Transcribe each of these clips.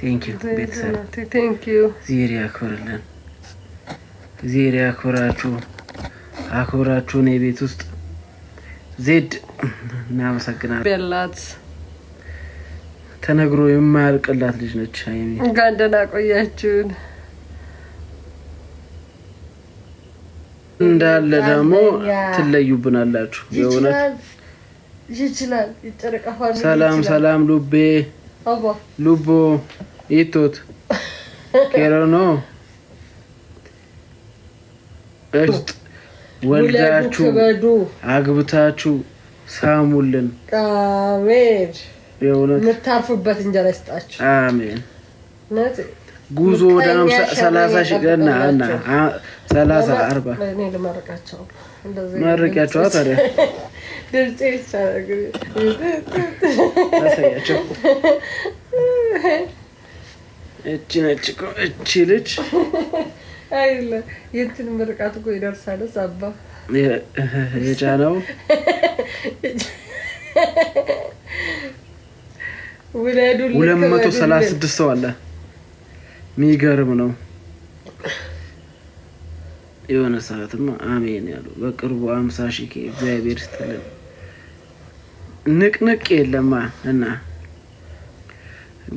ቴንኪዩ ቤተሰብ እግዜር ያክብርልን። እግዜር ያክብራችሁ አክብራችሁን የቤት ውስጥ ዜድ እናመሰግናለን። ያላት ተነግሮ የማያልቅላት ልጅ ነች። ጋንደና ቆያችሁን እንዳለ ደግሞ ትለዩብናላችሁ። የእውነት ሰላም ሰላም ሉቤ Lupo, itut. Quiero no. እርጥ ወልዳችሁ አግብታችሁ ሳሙልን። አሜን። የምታርፉበት እንጀራ ይስጣችሁ። አሜን። ጉዞ ወደ ሰላሳ ሺህ ገና እና ሰላሳ አርባ መርቂያቸዋ ታዲያ እቺ ነች እኮ እቺ ልጅ አይለ የእንትን ምርቃት እኮ ይደርሳል። አባ የጫነው ውለዱ ሁለት መቶ ሰላሳ ስድስት ሰው አለ። የሚገርም ነው። የሆነ ሰዓትማ አሜን ያሉ በቅርቡ አምሳ ሺህ እግዚአብሔር ይስጥልን። ንቅንቅ የለማ እና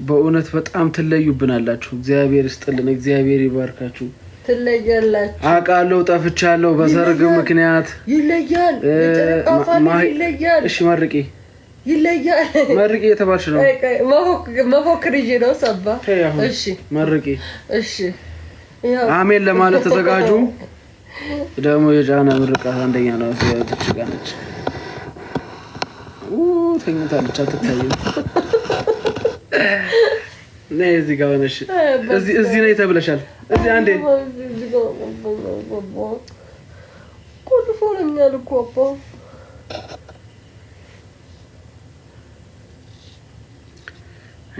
በእውነት በጣም ትለዩብናላችሁ። እግዚአብሔር ይስጥልን፣ እግዚአብሔር ይባርካችሁ። ትለያላችሁ። አውቃለሁ ጠፍቻለሁ፣ በሰርግ ምክንያት ይለያል። እሺ መርቄ ይለያል። መርቄ የተባልሽ ነው መፎክር ይዤ ነው ሰባ። እሺ መርቄ፣ እሺ አሜን ለማለት ተዘጋጁ። ደግሞ የጫና ምርቃት አንደኛ ነው። ትችጋነች ተኝታለች፣ አትታይም ነይ እዚህ ጋር ሆነሽ እዚህ ነይ ተብለሻል። እዚህ አንዴ እኮ አባ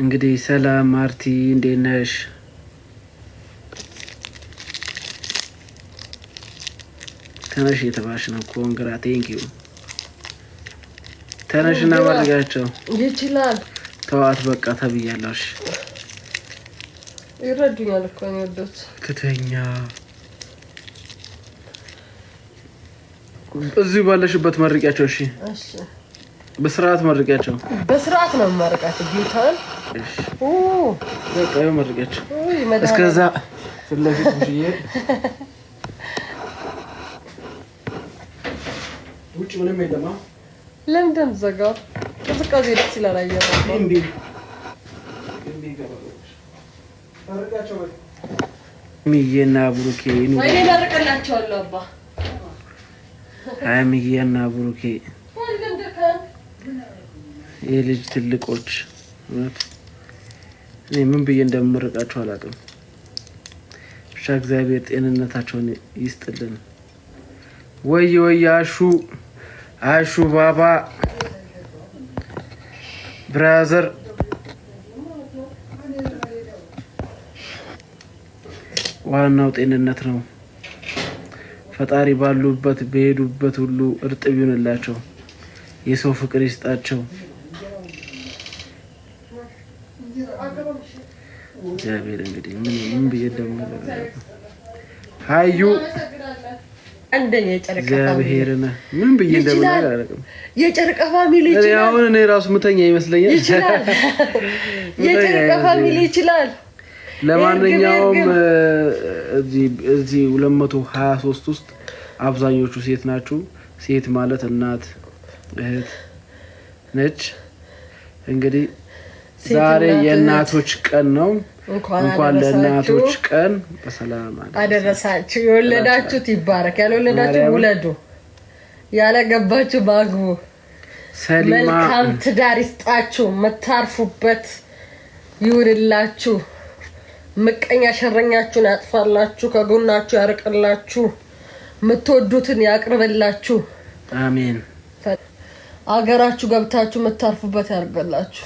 እንግዲህ ሰላም ማርቲ፣ እንዴት ነሽ? ተነሽ የተባሽ ነው። ኮንግራ ቴንኪው። ተነሽና ማድረጋቸው ይችላል ተዋት በቃ ተብያለሁ። ይረዱኛል እኮ ነው ወደት ትተኛ። እዚሁ ባለሽበት መርቂያቸው። እሺ እሺ፣ በስርዓት መርቂያቸው። በስርዓት ነው መርቂያቸው። ቢታን እሺ፣ ኦ በቃ ይኸው መርቂያቸው። እስከዛ ፊት ለፊት ሙሽዬ ውጭ ምንም የለማ። ለምን ደም ዘጋው? ቅዝቃዜ ደስ ይላል። አየር ሚዬና ብሩኬ አባ አይ ሚዬና ብሩኬ የልጅ ትልቆች እኔ ምን ብዬ እንደምርቃቸው አላውቅም። ብቻ እግዚአብሔር ጤንነታቸውን ይስጥልን። ወይ ወይ አሹ አሹ ባባ ብራዘር ዋናው ጤንነት ነው። ፈጣሪ ባሉበት በሄዱበት ሁሉ እርጥብ ይሆንላቸው፣ የሰው ፍቅር ይስጣቸው። እግዚአብሔር እንግዲህ ምን ብዬ ደሞ ሀዩ የጨረቃ ፋሚሊ አሁን እኔ ራሱ ምተኛ ይመስለኛል። የጨረቃ ፋሚሊ ይችላል። ለማንኛውም እዚህ ሁለት መቶ ሀያ ሶስት ውስጥ አብዛኞቹ ሴት ናችሁ። ሴት ማለት እናት እህት ነች። እንግዲህ ዛሬ የእናቶች ቀን ነው። እንኳን ለእናቶች ቀን በሰላም አደረሳችሁ። የወለዳችሁት ይባረክ፣ ያልወለዳችሁ ውለዱ፣ ያለገባችሁ ባግቡ፣ መልካም ትዳር ይስጣችሁ፣ መታርፉበት ይውልላችሁ። ምቀኛ ሸረኛችሁን ያጥፋላችሁ፣ ከጎናችሁ ያርቅላችሁ፣ የምትወዱትን ያቅርብላችሁ። አሜን። አገራችሁ ገብታችሁ መታርፉበት ያርገላችሁ።